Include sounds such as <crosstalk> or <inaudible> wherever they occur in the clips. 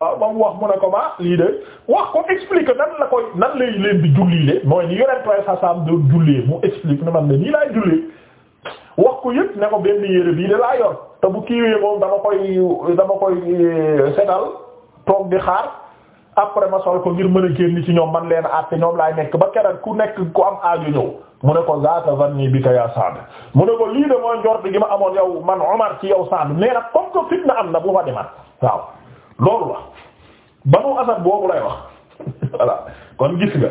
waaw ba mu wax mu ne ko ba lii de wax ko explique nan la koy nan lay leen di julliile mooy ni yonent way sa sam doon jullee mu explique ne man ne nii laay jullee wax ko yëpp ne ko benn yére bii de laa yor te bu kiiwee moom dama koy dama koy euh, setal toog di xaar après ma sol ko ngir mën a génn ci ñoom man leen àtte ñoom laay nekk ba keroog ku nekk ku am aajo ñëw mu ne ko zaata vanni bi ka yaa mu ne ko lii de mooy njort gi ma amoon yow man Omar ci demat loolu la banu asad boobu lay wax <laughs> voilà kon gis nga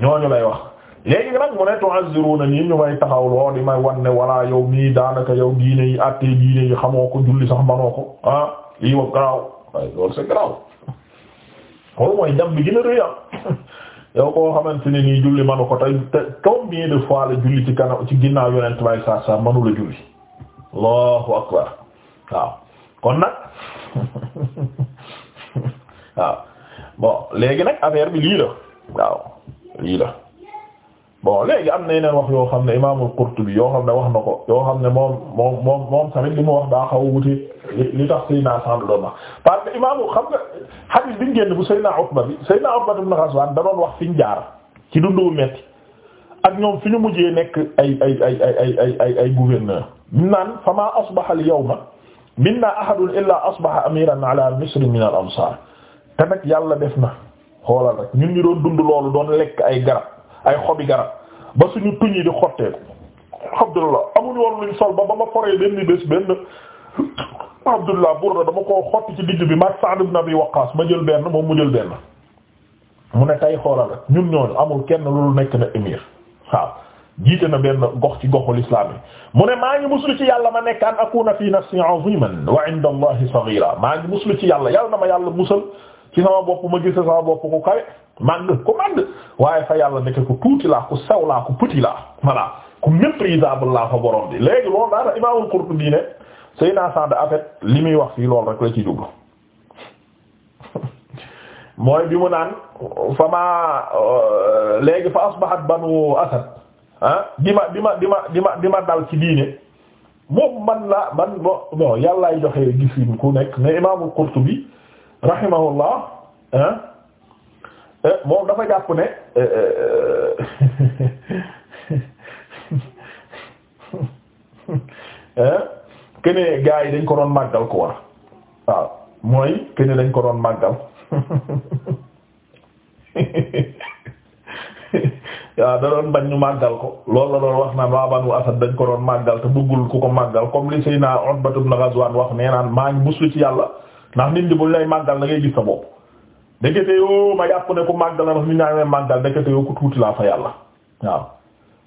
ñooñu lay wax léegi nag mu ne tu'azziruna nii ñu may taxaw loo di may wan ne walla yow mii daanaka yow diine yi àttee diine yi xamoo ko julli sax manoo ko ah lii wa garaaw waaye loolu c'est garaaw loolu mooy jam bi gën a rëy <laughs> koo xamante nii julli manu ko tey te combien de fois la julli ci kanam ci ginnaaw yonent bay saa saa manu la julli allahu akbar waaw kon nag <laughs> waaw bon léegi nag affaire bi lii la waaw lii la bon léegi am na yeneen wax yoo xam ne imaamul Qurtubi yoo xam ne wax na ko yoo xam ne moom moom moom moom tamit li mu wax daa xaw wuti li tax Seydina Sa'd doon wax parce que imaamu xam nga hadith bi ñu génn bu Seydina Utba bi Seydina Utba ibn Ghazwan da doon wax fi ñu jaar ci dundu wu metti ak ñoom fi ñu mujjee nekk ay ay ay ay ay ay ay ay gouverneur naan fa maa asbaha al yawma minna ahadun illa asbaha amiran ala misr min al amsar te nag yàlla def na xoolal rek ñun ñu doon dund loolu doon lekk ay garab ay xobi garab ba ñu tuñ yi di xottee abdullah amuñu woon luñ sol ba ba ma foree benn bés benn <coughs> abdullah burda dama ko xotti ci digg bi ma Sa'd ibn Abi Waqqas ma jël benn moom mu jël benn mu ne tey xoolal rek ñun ñooñu amul kenn loolu nekk na émir waaw jiite na benn gox ci goxul islam mu ne maa ngi muslu ma nekk an akuna fi nafsi aziman wa inda allahi saghira maa ci yàlla yàlla na ma yàlla musal ci sama bopp ma gis sama bopp ku kawe màgg ku màgg waaye fa yàlla nekk ku tuuti laa ku sew laa ku petit laa voilà ku méprisable laa fa borom bi léegi loolu daal Imaamul Qurtubi ne Seydina Sa'd en fait li muy wax fii loolu rek la ci jublu <laughs> mooy bi mu naan fa maa euh, léegi fa asbahat banu Asad ah, di ma di ma di ma di ma di ma dal ci diine moom man la man bon bon yàllaay joxe gis ku nekk mais Imaamul Qurtubi. rahimahullah euh, moom dafa jàpp ne kene euh, euh, <laughs> gaa yi dañ ko doon màggal ko war waaw mooy kene dañ ko doon màggal <laughs> waaw da doon bañ ñu màggal ko loolu la doon wax naan waa Banu Asad dañ ko doon màggal te bëggul ku ko màggal comme li Seydina Utbat ibn Ghazwan wax nee naan maa ngi muslu ci yàlla ndax nit ñi bu lay màggal da ngay gis sa bopp ndekete yoo ma yàpp ne ku màggal ñu ñaanee màggal ndekete yoo ku tuuti laa fa yàlla waaw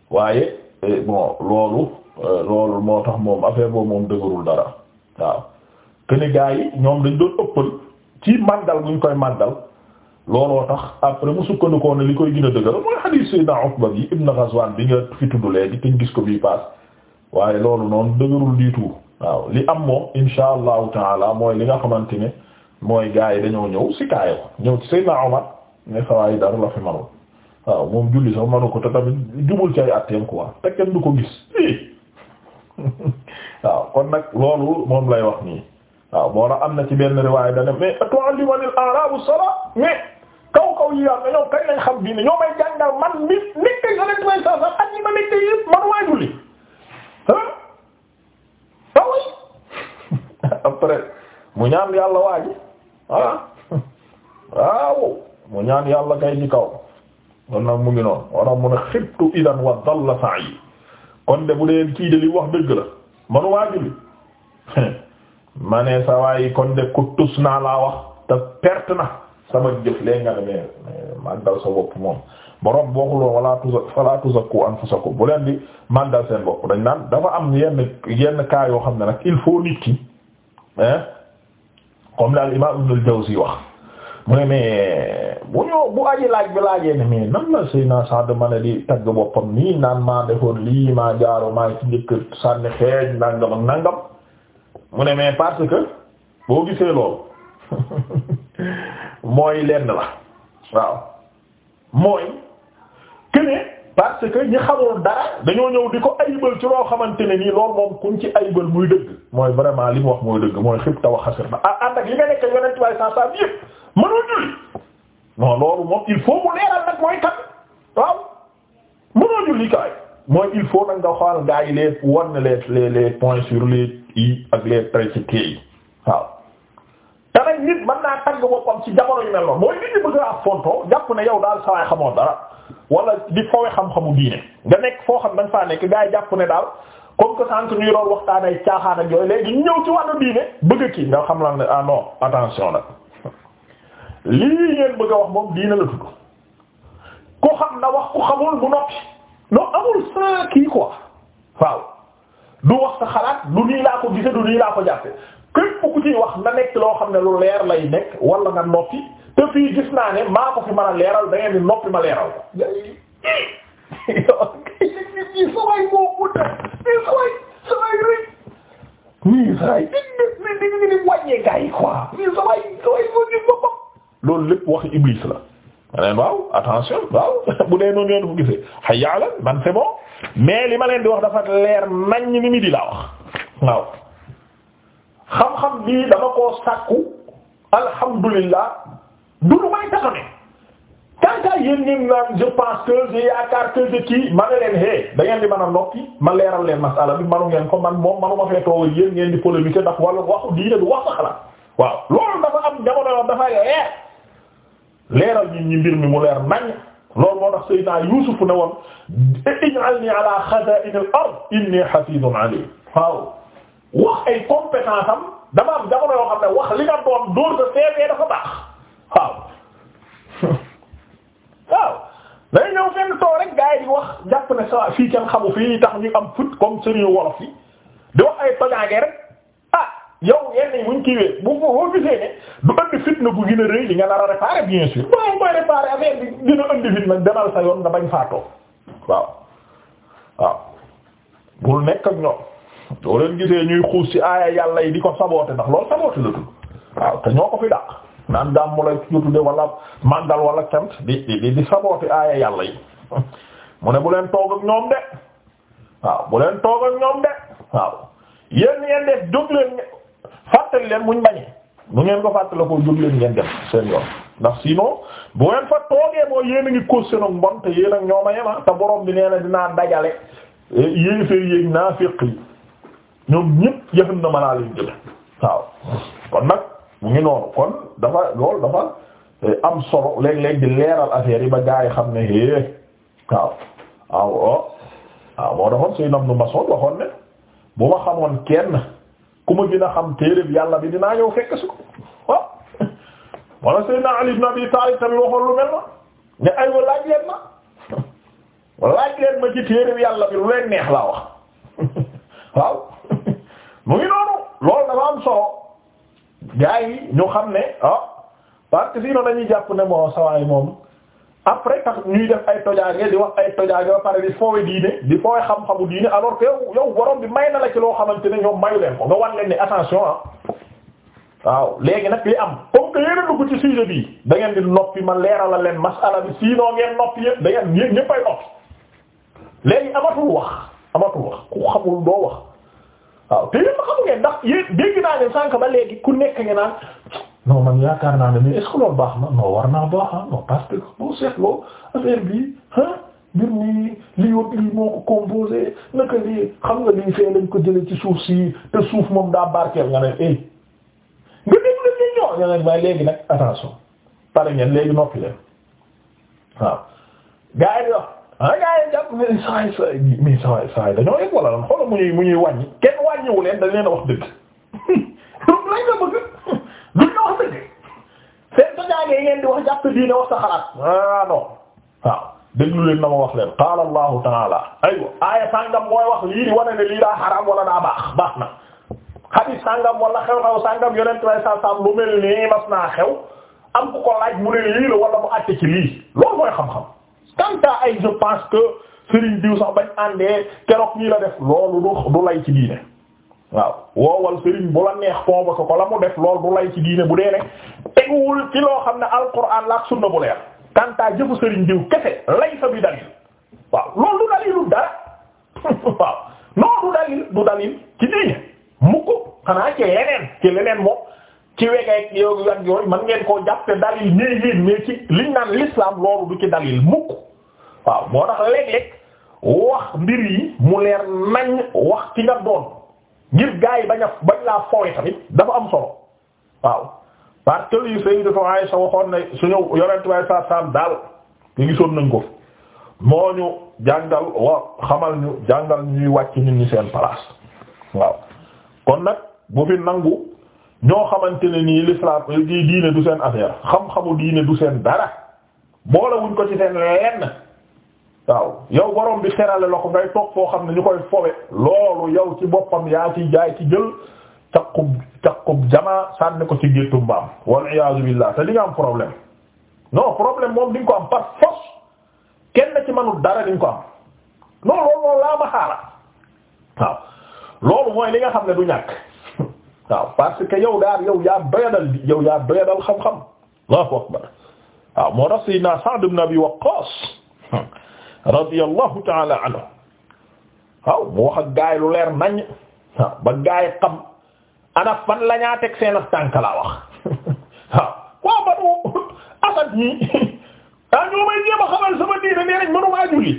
waaye eh, bon loolu eh, loolu moo tax moom affaire boobu moom dëgërul dara waaw këne gaa yi ñoom dañ doo ëppal ci màggal buñ koy màggal looloo tax après mu sukkandikoo ne li koy gën a dëgëral mooy hadith Sayyidina Uqba bi ibn Ghazwan bi nga fi tudd léegi te ñu gis ko bii paas waaye loolu noonu dëgërul diitu waaw li am moom insha allahu taala mooy li nga xamante ne mooy gaa yi dañoo ñëw si kaay ko ñëw ci Seydina Omar ne sawaay dara la fi manul waaw moom julli sax manu ko te tamit jubul ci ay atteem quoi te kenn du ko gis <laughs> waaw kon nag loolu moom lay wax nii waaw boo am na ci benn riwaay da ne mais tu'allimani al-a'rabu as-salat mais kaw kaw yi am na ñoom kañ lañ xam diine ñoo may jàngal man nit sa nekk may sa sa at ñi ma nekk yëpp man waa julli Ah <laughs> après mu ñaan yàlla waaji voilà ah. waaw mu ñaan yàlla kay ci kaw kon mu ngi noonu wanaam mun a xibtu idan wa dalla sa'i kon de bu dee kii de li wax dëgg la manu waaji bi <laughs> ma sa waayi kon ku tus naa laa wax te perte na sama jëf lee nga ne mais màggal sa bopp moom borom waxuloon wala tuza fala tuzakku anfusakum bu leen di mandal seen bopp dañ naan dafa am yenn yenn cas yoo xam ne nag il faut nit ki comme daal imam Ibn al-Jawzi wax mu ne mais bu ñoo bu aji laaj bi laajee ne mais nan la sëy naa sax dama ne di tagg boppam nii naan maa defoon lii maa jaaro maa ci njëkk sànni xeej nangam ak nangam mu ne mais parce boo gisee loolu <laughs> mooy lenn la waaw mooy këne parce que ñi xamoon dara dañoo ñëw di ko ayibal ci loo xamante ne nii loolu moom kuñ ci ayibal muy dëgg mooy vraiment li mu wax mooy dëgg mooy xib taw a xasir na ah ànd ak li nga nekk yonent waaye saa saa bi yëpp mënoo loolu moom il faut mu leeral nag mooy kat waaw mënoo julli kaay mooy il faut nga xool gaa yi les wan les les les points sur les i ak les traits yi waaw. nit mën naa tagg boppam ci jamono yu mel noonu mooy nit ñi bëgg a fontoo jàpp ne yow daal sawaay xamoo dara wala di fowe xam-xamu diine nga nekk foo xam da nga nekk gaa yi jàpp ne daal comme que sànq ñuy doon waxtaan ay ci wàllu diine bëgg kii nga xam la ne ah non attention nag lii ngeen bëgg a wax moom diine la tudd ku xam na wax ku xamul bu noppi non amul saa kii quoi waaw du wax sa xalaat du nii laa ko gisee du nii laa ko jàppe képp ku ciy wax na nekk loo xam ne lu leer lay nekk wala nga noppi te fii gis naa ne maa fi mën a leeral da ngeen di noppi ma leeral ko. loolu lépp waxi iblis la maneen waaw attention waaw <laughs> bu dee noonu yoon ko gisee xay yàlla man c'est mais li ma leen di wax dafa leer nañ ni mi di laa wax waaw xam bii dama alhamdulillah du lu may tax a ne. tant yéen ngeen naan je pense que j'ai yaakaar que je kii ma ne leen hey da ngeen di mën a noppi ma leeral leen masala bi ngeen ko man moom manu ma fee toog yéen ngeen di polémique ndax wala waxu diine du wax sa waaw loolu dafa am dafa leer leeral ñi ñi mbir mi mu leer nañ loolu moo tax Seydina Yuusuf ne woon ij'alni ala xazaa'in al-ard inni hafiizun alim waaw wax ay compétence am am jamono yoo xam ne wax li nga doon dóor sa seefee dafa baax waaw waaw day ñëw fenn too rek gars yi di wax jàpp ne sa fii kenn xamu fii tax ñu am fut comme sëriñ wolof yi di wax ay tojaange rek ah yow yenn yi muñ kiiwee bu boo gisee ne du andi fitna bu gën a rëy li nga nar a réparer bien sûr waaw mooy réparer affaire bi gën a andi demal sa yoon nga bañ faatoo waaw waaw bul nekk ak ñoom doo leen gisee ñuy xuus ci aaya yàlla yi di ko saboote ndax loolu saboote la tudd waaw te ñoo ko fi dàq naan gàmmu la tudde wala màndal wala cant di di di saboote aaya yàlla yi mu ne bu leen toog ak ñoom de waaw bu leen toog ak ñoom de waaw yéen ngeen def jóg leen fàttali leen muñ bañee nu ngeen ko fàttali ko jóg leen ngeen dem seen yoon ndax sinon bu ngeen fa toogee mooy yéen a ngi ko seen ak mbon te yéen ak ñoom a yema ah te borom bi nee na dinaa dajale yéeféer ñoom ñëpp jahannama laa leen jël waaw kon nag mu ngi noonu kon dafa loolu dafa eh, am solo léeg-léeg di leeral affaire yi ba gaa yi xam ne é waaw waaw o oh. waaw moo daxoon suy nam nu maçon waxoon ne bu ma xamoon kenn ku ma gën xam téeréb yàlla bi dinaa ñëw fekk si ko waaw <laughs> wala Seydina Ali ibn Abi Talib tamit waxoon lu mel na ne ay wa laaj leen ma <laughs> laaj leen ma ci téeréb yàlla bi lu leen neex laa wax <laughs> waaw mu ngi noonu loolu dafa am solo gars yi ñu xam ne ah parce que sinon dañuy jàpp ne moo sawaay moom après tax ñuy def ay tojaange di wax ay tojaange ba pare di foowe diine di foowe xam-xamu diine alors que yow yow borom bi may na la ci loo xamante ne ñoom mayu leen ko wan leen ne attention ah waaw léegi nag li am comme que yéen a dugg ci sujet bi da ngeen di noppi ma leeralal leen masala bi sinon ngeen noppi yëpp da ngeen ñëpp ay noppi léegi amatul wax amatul wax ku xamul doo wax. waaw te yéen xamu ngeen ndax yéen dégg naa ne sànq ba léegi ku nekk ngeen naan non man yaakaar naa ne mais est ce baax na non war naa baax ah non parce que boo seetloo affaire bi ah mbir mi li yóbbu lii moo ko composé naka lii xam nga lii fee lañ ko jëlee ci suuf si te suuf moom daa barkeel nga ne eh nga déglu ñu ñëw nga ne waaye léegi nag attention pare ngeen léegi noppi leen waaw gars yi ah gars yi jàpp ne saa yi saa yi mais saa dañoo yëg wala lan xoolal mu ñuy mu ñuy wàññi kenn wàññiwu leen dañ leen a wax la bëgg luñ la wax dëgg seen ah, leen na ma wax leen qaala allahu taala aywa aaya sàngam mooy wax lii di wane lii daa xaraam wala daa baax baax na xadis sàngam wala xew-xew sàngam yonent way sa sam lu mel nii mas naa xew am ku ko laaj mu ne lii la mooy xam-xam tant ay je pense que Serigne diw sax bañ àndee keroog ñii la def loolu du du lay ci diine waaw woowal Serigne bu la neex convoqué ko la mu def loolu du lay ci diine bu dee ne teguwul ci loo xam ne alquran la ak sunna bu leer tant jëfu Serigne diw kese lay sa bi dalil waaw loolu du dalilu dara <laughs> waaw non du dalil du dalil ci diine mukk xanaa ci leneen ci leneen moom. ci wegay yooyu mën ngeen koo jàppe dalil mais yéen mais ci liñ naan l'islam loolu du ci dalil mukk waaw moo tax léeg-léeg wax mbir yi mu leer nañ wax ci nga doon ngir gaa yi bañ a bañ laa fooy tamit dafa am solo waaw parce que lii Sayyidatu Aisha waxoon na suñu yonent way sa sam daal ñu gisoon nañ ko moo ñu jàngal wa xamal ñu jàngal ñuy wàcc ñun ñu seen place waaw kon nag bu fi nangu ñoo xamante ne nii l'islam euh, di diine du seen affaire xam-xamu diine du seen dara boolewuñ ko ci seen lenn waaw yow borom bi xerale la ko ngay toog foo xam ne ñu koy fowe loolu yow ci boppam yaa ci jaay ci jël caqub caqub jamaa sànni ko ci géttu mbaam wal iyaazu billah te li nga am problème non problème moom di ko am par force kenn ci manul dara di ko am non loolu laa ma xaara waaw loolu mooy li nga xam ne du ñàkk waaw parce que yow daal yow yaa doyadal bi yow yaa doyadal xam-xam allahu akbar waaw moo tax sayyidina Sa'd ibn Abi Waqqas radiyallahu ta'ala anhu waaw mu wax lu leer nañ waaw ba gaay fan la ñaa seen tànk laa wax <laughs> waaw waaw banu asad ñi <laughs> ah ñoo may jéem a xamal sama diine nee nañ mënu maa julli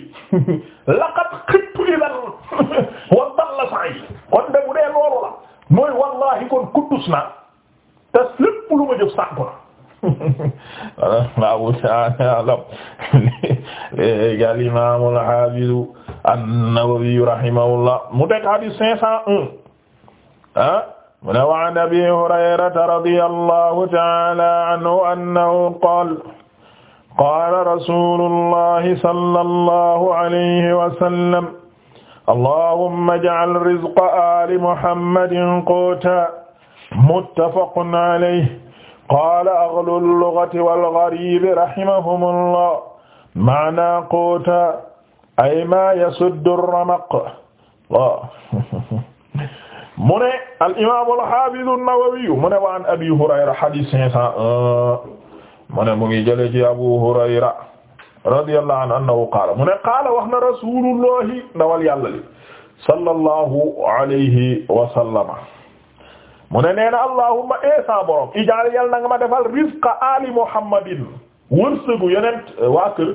<laughs> laqad xibtu idan wa dalla sa'i mooy wallahi kon kuddus na te lépp lu ma jëf sànku na Allahu ta'ala a'lam léegi al imaam al haafiz an-Nawawi rahimahullah mu teg hadith cinq cent un ah mu ne wa an Abi Hurayrata radiyallahu ta'ala anhu annahu qaala qaala rasuulullahi sallallahu alayhi wa sallam allahumma ij'al rizqa aali muhammadin quutan muttafaqun alayhi qaala aghlul lughati wal gharibi rahimahumullah ma'naa quutan ay maa yasuddu ramaq <laughs> mu ne al-imaam al-haafiz an-Nawawi mu ne wa an Abii Hurayra hadiis 501 mu ne mu ngi jële ci Abu Hurayra radiyallahu anhu annahu qaala mu ne qaala wax na rasulullahi ndawal yàlla li sallallahu alayhi wa sallama mu ne nee na allahumma eesa eh, borom ijaal yàlla na nga ma defal rizqa ali muhammadin wërsëgu yonent waa kër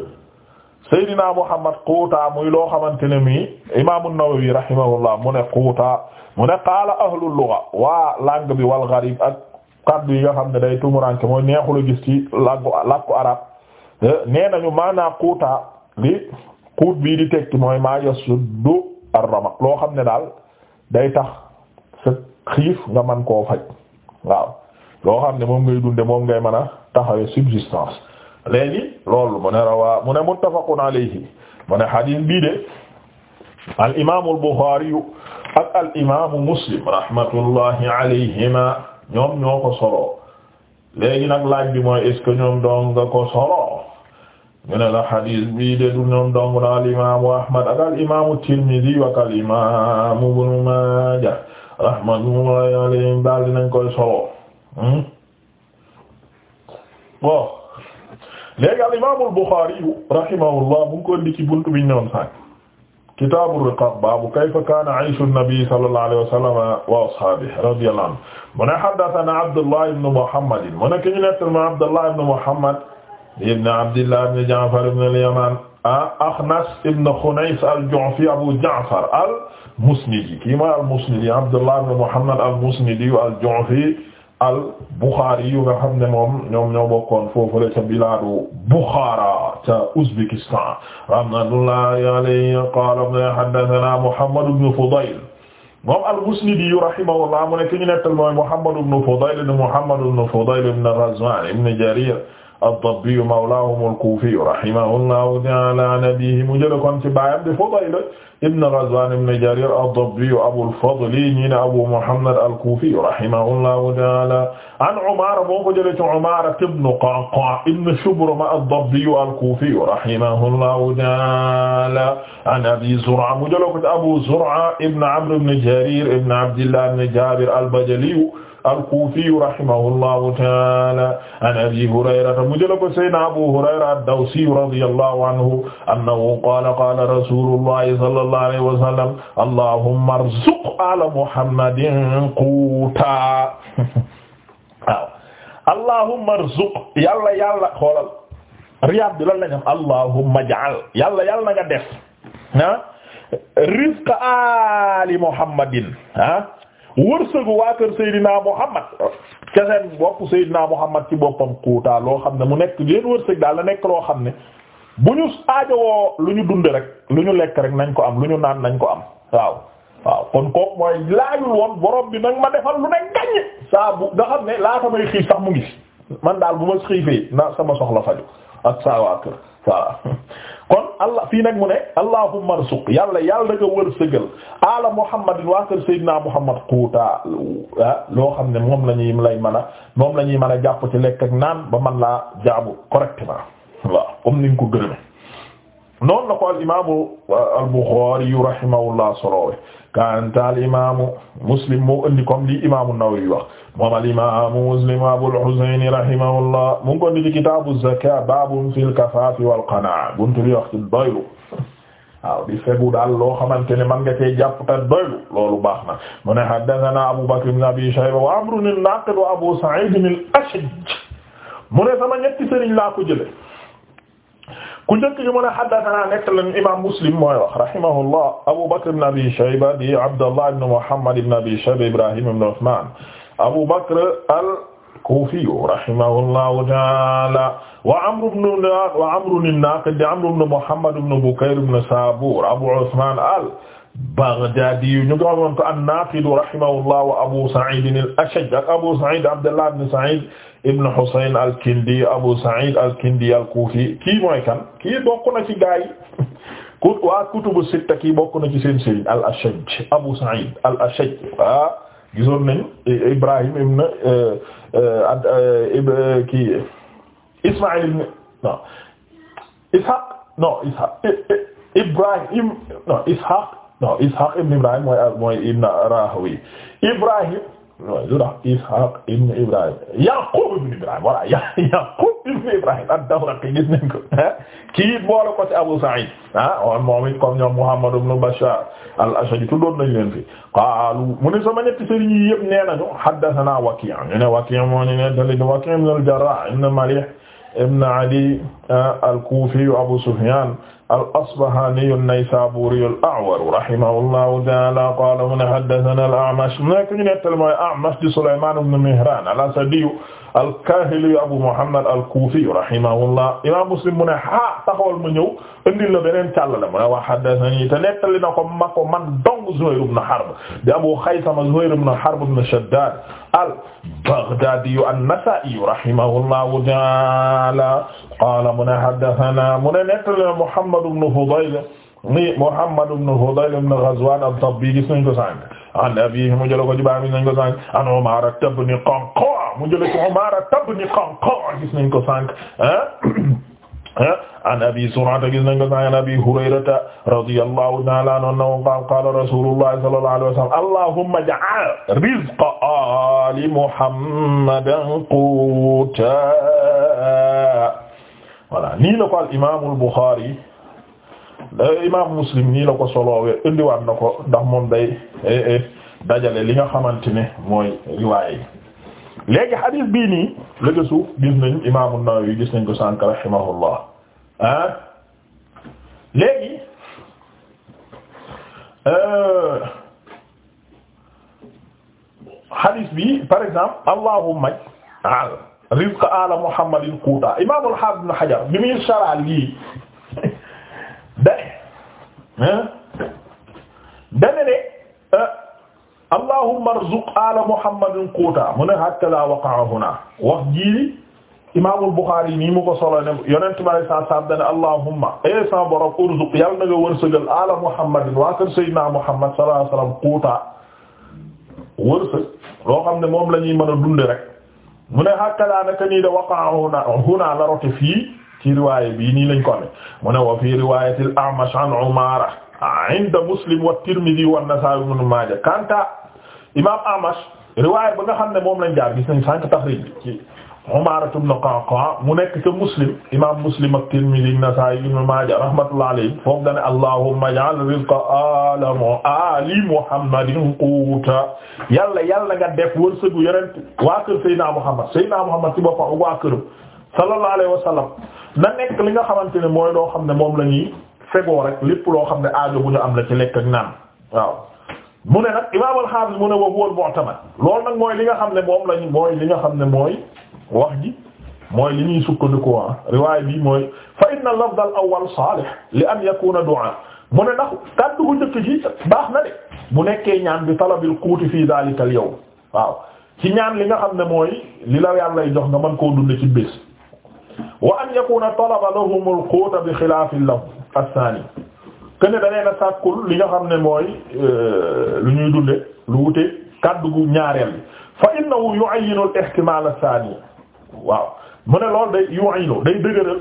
Seydina Muhammad quutaa muy loo xamante ne mi Imaam an-Nawawi rahimahullah mu ne quutaa mu ne qaala ahlul lugha waa langue bi wal gharib ak kaddu yi nga xam ne day tumuranke mooy neexul a gis ci làkku làkku arab Eh, nee nañu maanaa quutaa li quut bii di tekki mooy maa yasuddu ar-rama loo xam ne daal day tax sa xiif nga mën koo faj waaw loo xam ne moom ngay dunde moom ngay mën a taxawee subsistance léegi loolu mu ne rawaa mu ne muttafaqun alayhi mu ne xadiis bii de al imaamu al Buxaari ak al imaamu Muslim rahmatullahi alayhima ñoom ñoo ko solo léegi nag laaj bi mooy est ñoom doon ko solo mu ne la xadis bii de du ñoom dong na al imaamu Ahmad ak al imaamu Tirmidi ak al imaamu Ibnu Maaja rahmatullahi alayhim daal dinañ koy solo hmm? bon léegi al imaamu Buxaari rahimahullah mu ngi ko indi ci buntu bi ñu newoon sànq kitaabu riqaab baabu kayfa kaana ayshu nabi sallallahu alayhi wa sallam wa ashaabihi radiyallahu anhu mu ne haddasanaa Abdullah ibn Muhammad mu ne ki ñu nettal ma Abdullah ibn Muhammad ibn Abdillah ibn Ja'far ibn al-Yaman Akhnas ibn Khunays al-Ju'fi Abu Ja'far al-Musnidi kii mooy al-Musnidi Abdullah ibn Muhammad al-Musnidi al-Ju'fi al-Bukhari yu nga xam ne moom ñoom ñoo bokkoon foofule ca bilaadu Bukhara ca Ouzbékistan rahmatullahi alayhi qaala haddathanaa Muhammad ibn Fudayl moom al-Musnidi rahimahullah mu nekk ñu nettal mooy Muhammad ibn Fudayl ibn Muhammad ibn Fudayl ibn Ghazwan ibn Jarir ad-Dabbiyu mawlaahum al-Kuufiyu rahimahullahu ta'aala an abiihi mu jël kon ci baayam di Fudayl ibn Ghazwaan ibn Jariir ad-Dabbiyu Abul Fadl ñi ne Abu Muhammad al-Kuufiyu rahimahullahu ta'aala an Umaara moo ko jëlee ci Umaara ibn Qa'qaa' ibn Shubruma ad-Dabbiyu al-Kuufiyu rahimahullahu ta'aala an Abii Zur'a mu jël ko ci Abu Zur'a ibn Amr ibn Jariir ibn Abdillah ibn Jaabir al-Bajaliyu al-Kufi rahimahullahu ta'ala an Abi Hurayrata mu jëla ko Seydina Abu Hurayra ad-Dawsi radiyallahu anhu annahu qala qala rasulullahi sallallahu alayhi wa sallam allahumma arzuq ala Muhammadin quuta <laughs> waaw allahumma arzuq yàlla yàlla xoolal riyaad bi lan lañ am allahumma ja'al yàlla yàlla na nga def ah rizqa ali Muhammadin ah wërsëgu waa kër Seydina Muhammad ca seen bopp Seydina Muhammad ci boppam kuutaa loo xam ne mu nekk leen wërsëg daal la nekk loo xam ne bu ñu woo lu ñu dund rek lu ñu lekk rek nañ ko am lu ñu naan nañ ko am waaw waaw kon kooku mooy laajul woon boroom bi nag ma defal lu ne gàññ saa nga xam ne laata may xiif sax mu ngi man daal bu ma xiifee na sama soxla faju ak saa waa kër waaw kon allah fii nag mu ne allahumma arsuq yàlla yàlla nga wërsëgal ala muhammadin waa kër sayyidina muhammad quutaa ah, loo xam ne moom la ñuy lay mën moom la ñuy mën a jàpp ci lekk ak naan ba man laa jaabu correctement waaw comme ni nga ko gërëme noonu la ko al imaamu euh, al Buxaari rahimahullah soloowe kanta al imaamu Muslim moo indi comme li imaamu Nawawi wax moom al imaamu Muslim Abul Husayn rahimahullah mu ngi ko indi ci kitaabu zakaat baabun fil kafaafi wal qanaa buntu bi wax ci doylu waaw di fegu daal loo xamante ne man nga cee jàpp te doylu loolu baax na mu ne haddathanaa Abu Bakr ibn Abi Shayba wa Amrun an-Naaqid wa Abu Sa'iid al-Ashaj mu ne sama ñetti sëriñ laa ko jëlee ku njëkk ñu mën a haddathana nekk leen imam Muslim mooy wax rahimahullah Abu Bakr ibn Abi Shayba di Abdullah ibn Muhammad ibn Abi Shayba Ibrahim ibn Uthman Abu Bakr al-Kufi rahimahullahu ta'ala wa Amr ibn wa Amr an-Naqid Amr ibn Muhammad ibn Bukayr ibn Sabur Abu Uthman al-Baghdadi ñu ko waxoon ko an-Naqid rahimahullah wa Abu Sa'id al-Ashaj ak Abu Sa'id Abdullah ibn Sa'id ibn Husayn al-Kindi Abu Sa'id al-Kindi al-Kufi kii mooy kan kii bokk na ci gaay <laughs> kut waa kutubu sitta kii bokk na ci seen sëriñ al-Ashaj Abu Sa'id al-Ashaj ah gisoon nañ Ibrahim ibn eh, eh, eh, kii Isma'il ibn non Ishaq non Ishaq Ibrahim non Ishaq non Ishaq ibn Ibrahim mooy mooy ibn Rahowi Ibrahim Zur'a Ishaq ibn Ibrahim Yaqub ibn Ibrahim voilà Yaqub ibn Ibrahim ad-Dawraqi gis nañ ko kii boole ko ci Abu Sa'id ah on moom it comme ñoom Muhammad ibn Bashar al-Ashadi tuddoon nañ leen fi qaalu mu ne sama ñetti sëriñ yi yëpp nee nañu haddathana Waki' ñu ne Waki' moo ñu ne dali Waki' ibn al-Jarrah ibn Malih ibn Adi al-Kufi Abu Sufyan al-Asbahaaniyu an-Naysaabuuriyu al-A'waru rahimahullahu ta'aala qaala mu ne haddathanaa al-A'mash mu nekk ñu nettali mooy A'mash di Sulaymaan ibn Mihraan al-Asadiyu al-Kahili Abu Muhammad al-Kufi rahimahullah imaam Muslim mu ne ha taxawal ma ñëw indil la beneen càll la mu ne wa haddathani te nettali na ko ma ko man dong Zuhayr ibn Harb di Abu Khaythama Zuhayr ibn Harb ibn Shaddad al-Baghdadi an-Nasa'i rahimahullahu ta'ala qala mu ne haddathana mu ne nettali na Muhammad ibn Hudayl ni Muhammad ibn Hudayl ibn Ghazwan ad-Dabbi gis nañ ko sànq an abiihi mu jële ko ci baay mi nañ ko sànq an Umaara ibn Qanqaa mu jële ko Umaara ibn Qanqaa gis nañ ko sànq an <coughs> abi Zur'ata gis nañ ko sànq an abi Hurayrata radiyallahu ta'ala anhu qaala rasuulullahi sallallahu alayhi wa sallam allahumma ij'al rizqa aali Muhammadin quutan voilà nii la ko al imaamul Buxaari imaam Muslim nii la ko soloowe indiwaat na ko ndax moom day Eh, eh, dajale li nga xamante ne mooy riwaaya yi léegi hadis bii nii lëga suuf gis nañ imaamu Nawawi gis nañ ko sànk rahimahullah ah léegi eh, hadis bi par exemple allahumma al rizqa ala muhammadin quuta imaamul haafid ibn hajar bi muy saraal lii <laughs> da dane ne Eh, allahumma arzuq ala muhammadin quuta mu ne hakala waqa'a huna wax jii imaamul Buxaari nii mu ko solo ne yonent bi alay saa saam dane allahumma e eh, sa borom urzuq yàlla na nga wërsëgal ala muhammadin waa kër sayyidina muhammad sallallahu alayhi wasallam quuta wërsëg loo xam ne moom la ñuy mën a dunde rek mu ne hakala naka nii de waqa'a huna huna la rote fii ci riwaaya bii nii lañ ko ne mu ne wa fii riwaayatil A'mash an Umaara Ah, inda muslim wa tirmidhi wa nasaa'i ibn maaja kanta imaam amash riwaaya ba nga xam ne moom lañ jaar gis nañ sànq taxriij bi ci Umaaratu ibn Qa'qaa' mu nekk ca muslim imaam muslim ak tirmidhi nasaa'i ibn maaja rahmatullahi alayhi foofu dane allahumma ij'al rizqa aali muhammadin quuta yàlla yàlla nga def wërsëgu yonent waa kër Seydina Muhammad Seydina Muhammad ci boppam waa këram sallallahu alayhi wa sallam na nekk li nga xamante ne mooy loo xam ne moom la ñuy fegoo rek lépp loo xam ne aajo bu ñu am la ci lekk ak naan waaw mu ne nag imaam al-Hafiz mu ne wa huwa al-mu'tamad nag mooy li nga xam ne moom lañ mooy li nga xam ne mooy wax ji mooy li ñuy sukkandiku ah riwaay bi mooy fa inna al-lafz al-awwal salih li an yakuna du'a mu ne ndax kàddu gu njëkk ji baax na de bu nekkee ñaan bi talabil quuti fii dhalika al-yawm waaw ci ñam li nga xam ne mooy li la yàlla lay jox nga mën koo dund ci bés wa an yakuna talaba lahum al-quuta bi khilaaf al-lafz assaani këne da neena sàkkul li nga xam ne mooy euh, lu ñuy dunde lu wute kàddu gu ñaareel bi fa innahu yu'ayyinu al-ihtimal as-sani waaw mu ne lool day yu'ayinu day dëgëral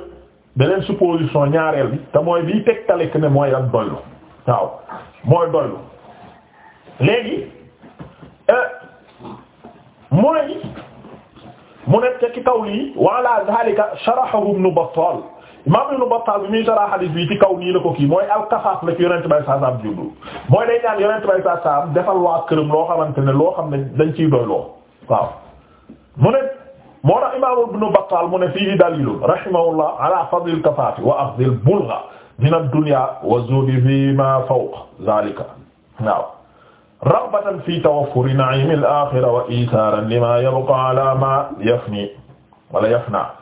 beneen supposition ñaareel bi te mooy biy tegtale que ne mooy ak doylu waaw mooy doylu léegi euh, mooy mu nekk ci kaw lii wa ala zalika sharahahu ibn imaam Ibn Battal bi muy saraa xadiis bi ci kaw nii la ko kii mooy alkafaaf la ci yonent bay saa saam juddu mooy day ñaan yonent bay saa saam defal waa këram loo xamante ne loo xam ne dañ ciy doy loo waaw mu ne moo tax imaam Ibn Battal mu ne fiihi daliilun rahimahullah ala fadlil kafaafi wa akhdhil bulgha min ad-dunya wa zuhdi fi ma fawqa zaalika waaw raghbatan fi tawaffuri na'imil aaxira wa iisaaran limaa yabqa ala ma yafni wala yafna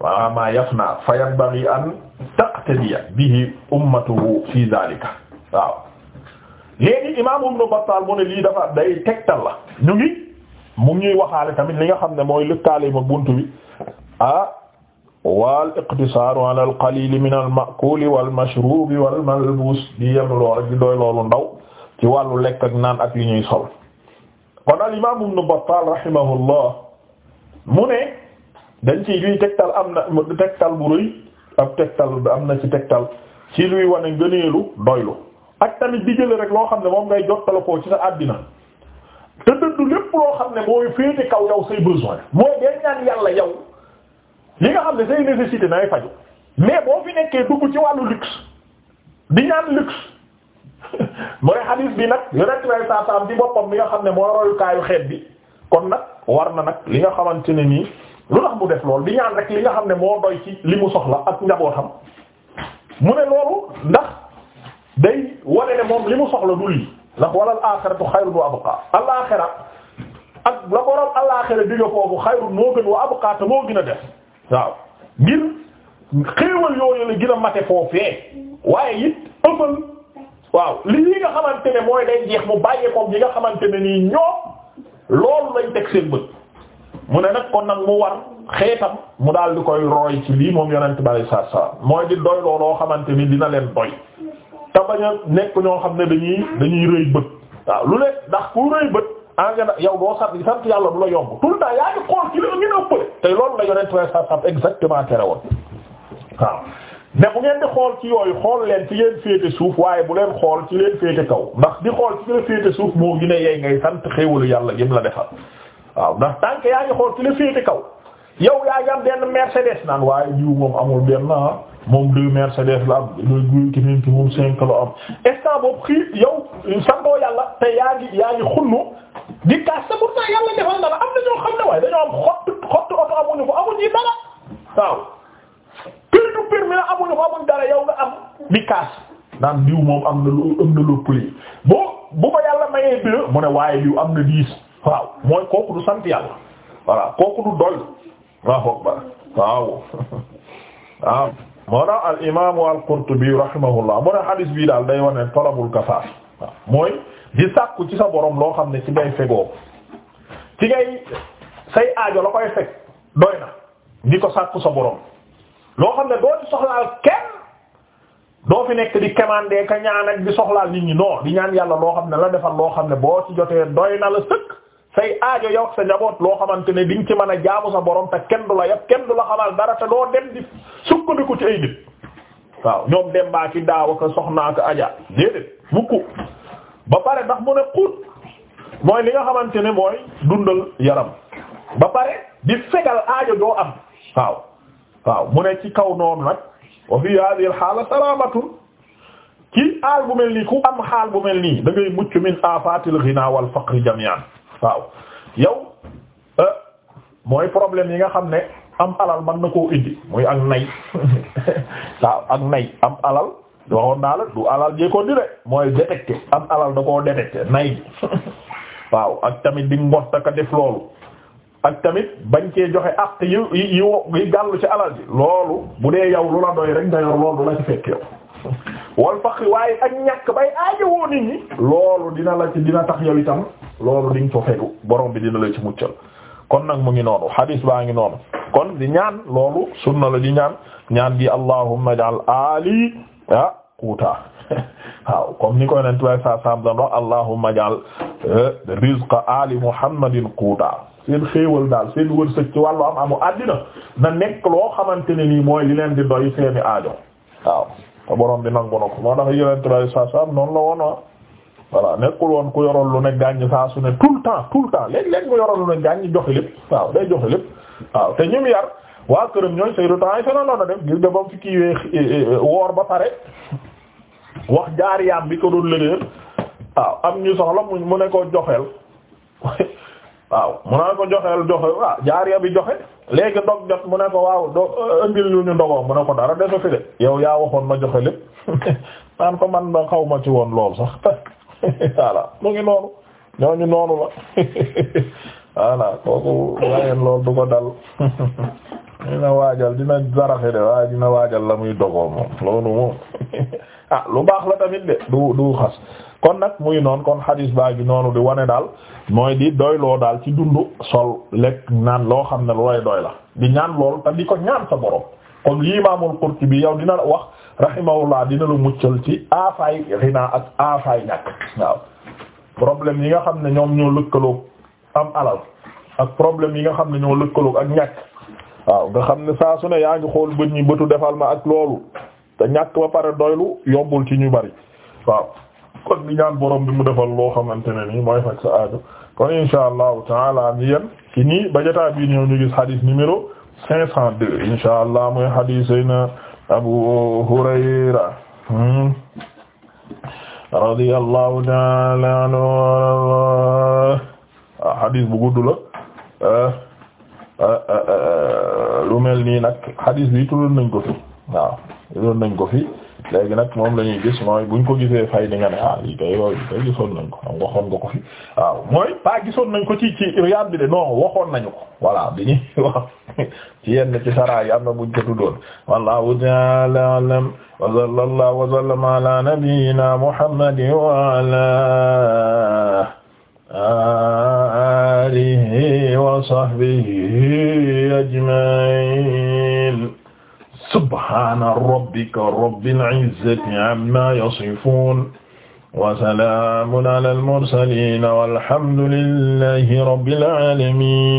wa ma yafna fa yanbaghi an taqtadiya bihi ummatuhu fi dhalika waaw léegi imam Ibn Battal mu ne lii dafa day tegtal la ñu ngi mu ngi waxaale tamit li nga xam ne mooy lëkkaale ma buntu bi ah wal iqtisaaru ala al qalil min al ma'kul wal mashrub wal malbus di yem lool di doy loolu ndaw ci wàllu lekk ak naan ak yu ñuy sol kon al imam Ibn Battal rahimahullah mu ne dañ ci luy tegtal am na tegtal bu rëy ab tegtal am na ci tegtal ci luy wane ngëneelu doylu ak tamit di jële rek loo xam ne moom ngay jottale ko ci sa àddina te dëddu lépp loo xam ne mooy féete kaw yow say besoin mooy dee ñaan yàlla yow li nga xam ne say nécessité nay faju mais boo fi nekkee dugg ci wàllu luxe di ñaan luxe <laughs> mooy hadis bi nag yonent lay saa saam boppam mi nga xam ne mooy royukaayu xeet bi kon nag war na nag li nga xamante ne nii lu tax mu def lool di ñaan rek li nga xam ne moo doy ci li mu soxla ak njabootam mu ne loolu ndax day wone ne moom li mu soxla du lii ndax wala al-aaxiratu xayrun wa abqaa ak la borom al-aaxira digga foofu xayrun moo gën wa abqaa te moo gën a def waaw ngir xéewal yooyu la gën a mate foofee waaye it ëppal waaw lii nga xamante ne mooy day jeex mu bàyyeekook yi nga xamante ne nii ñoom loolu lañ teg seen bët mu ne nag kon nag mu war xeetam mu daal di koy roy ci lii moom yonent bi saa saa mooy di doy looloo xamante ni dina leen doy te bañ nekk ñoo xam ne dañuy dañuy rëy bët waaw lu leen ndax ku rëy bët engrais yow doo sant sant yàlla du la yomb tout le la ñu ne ëppale te loolu la yonent bi saa saa exactement tere woon waaw. ne bu ngeen di xool ci yooyu xool leen ci leen féete suuf waaye bu leen xool ci leen féete kaw ndax di xool ci leen féete suuf moo gën a yey ngay sant xéewalu yàlla jëm la defal. waaw ndax tànk yaa ngi xool ci la féete kaw yow yaa ngi am benn Mercedes naan waaye jiw moom amul benn ah moom deux Mercedes la am loolu guy ki neen ki moom cinq la am instant boobu xii yow santoo yàlla te yaa ngi yaa ngi xunnu di kaas te pourtant yàlla defal na la am na ñoo xam ne waaye dañoo am xottu xottu oto amuñu ko amuñu dara waaw pire du pire mi la amuñu ko dara yow nga am di kaas naan diw moom am na lu am boo bu ko yàlla mayee bleu waaw mooy kooku du sant yàlla voilà kooku du doy waaw waaw <laughs> waaw moo tax al imaamu al Qurtubi rahimahullah mu ne hadis bii daal day wane talabul kafaaf waaw mooy di sàkku ci sa borom loo xam ne ci ngay fegoo ci ngay say aajo di ko sàkku sa borom loo xam ne doo ci soxlaal kenn doo fi nekk di kemandee ka ñaan ak di soxlaal nit ñi non di ñaan yàlla loo xam ne la defal loo xam ne boo ci jotee doy na la sëkk say aajo yow sa njaboot loo xamante ne diñ ci mën a jaamu sa borom te kenn du la yab kenn du la xamal dara te doo dem di sukkandiku ci ay nit waaw ñoom dem baa ci daaw ak soxna ak aja déedéet ba pare ndax mu ne xuut mooy li nga xamante ne mooy dundal yaram ba pare di fegal aajo doo am waaw waaw mu ne ci kaw noonu nag wa fi hadhihi al haala salaamatun ci aal bu mel nii ku am xaal bu mel nii da ngay mucc min afatil ghina wal faqr jami'an waaw yow euh, mooy problème yi nga xam ne am alal man na koo indi muy ak nay <laughs> waaw ak nay am alal waxoon naa la du alal jee ko di de mooy détecté am alal da koo détecté nay bi <laughs> waaw ak tamit di ngottaka def loolu ak tamit bañ cee joxe acte yu yu yu gàllu ci alal ji loolu bu dee yow lu la doy rek nga yor loolu du la ci fekk yow <laughs> wal faqri waaye ak ñàkk bay aajowoo nit ñi loolu dina la ci dina tax yow itam loolu diñ ko fegu borom bi dina la ci muccal kon nag mu ngi noonu hadis baa ngi noonu kon di ñaan loolu sunna la di ñaan ñaan gi allahumma ja'al ali ah quuta <laughs> waaw comme ni koy nent way sa sam doon wax allahumma ja'al eh, rizqa ali muhammadin quuta seen xéewal daal seen wërsëg ci am a àddina na nekk loo xamante ne nii mooy li leen di doy seeni aajo waaw te borom bi nangu na ko moo tax yonent bi sallallahu alayhi wasallam la woon ah. voilà nekkul woon ku yoroon lu ne gàññ saa su ne tout le temps tout le temps léeg-léeg mu yoroon lu ne gàññ joxe lépp waaw day joxe lépp waaw te ñum yar waa këram ñooy la mu fi eh, eh, eh, <laughs> mu mu ne ko joxeel <laughs> waaw mu ne ko joxeel joxe waaw jaariya bi joxe léegi ndog jot mu ne ko waaw do indil lu ñu ndogoo mu ne ko dara desu fi de yow yaa waxoon ma joxe lépp <laughs> naan ko man xaw ma ci woon lool sax. <laughs> voilà mu ngi noonu ñooñu noonu la <laughs> voilà kooku laayeen loolu du ko dal <laughs> dina waajal dina zarafe de waaye dina waajal la muy dogoo moom loolu moom ah lu baax la tamit de du du xas kon nag muy noonu kon xadis baa gi noonu di wane daal mooy di doyloo daal ci dundu sol lekk naan loo xam ne lu lay doy la di ñaan lool te di ko ñaan sa borom kon li imaamul bi yow dina la wax rahimahullah dina la muccal ci aafaay xinaa ak aafaay ñàkk waaw problème yi nga xam ne ñoom ñoo lëkkaloog am alal ak problème yi nga xam ne ñoo lëkkaloog ak ñàkk waaw nga xam ne saa su ne yaa ngi xool bët ñi bëtu defal ma ak loolu te ñàkk ba pare doylu yombul ci ñu bari waaw kon bi ñaan borom bi mu defal loo xamante ne nii mooy faj sa aajo kon insha allahu taala am yem ci nii ba jotaay bii ñëw ñu gis hadith numéro cinq cent deux insha allah muy hadisay na Abu Hurayra hmm, radiyallahu ta'ala anhu hadis ah, bu gudd la eh, eh, eh, lu mel nii nag hadis bi tuddoon nañ ko fi waaw tuddoon nañ ko fi léegi nag moom lañuy gis mooy buñ ko gisee fay di nga ne ah lii kay yooyu kay gisoon nañ ko xam waxoon nga ko fi waaw mooy pas gisoon nañ ko ci ci Riyad bi de non waxoon nañu ko voilà bi ñu <laughs> <laughs> ci yenn ci sara yi am na buñ ko tuddoon wallahu ta'ala a'lam wa sallallahu wa sallama ala nabiyyina muhammadin wa ala alihi wa sahbihi ajma'in subhana rabbika rabbil izzati amma yasifun wa salamun ala al mursalin walhamdulillahi rabbil alamin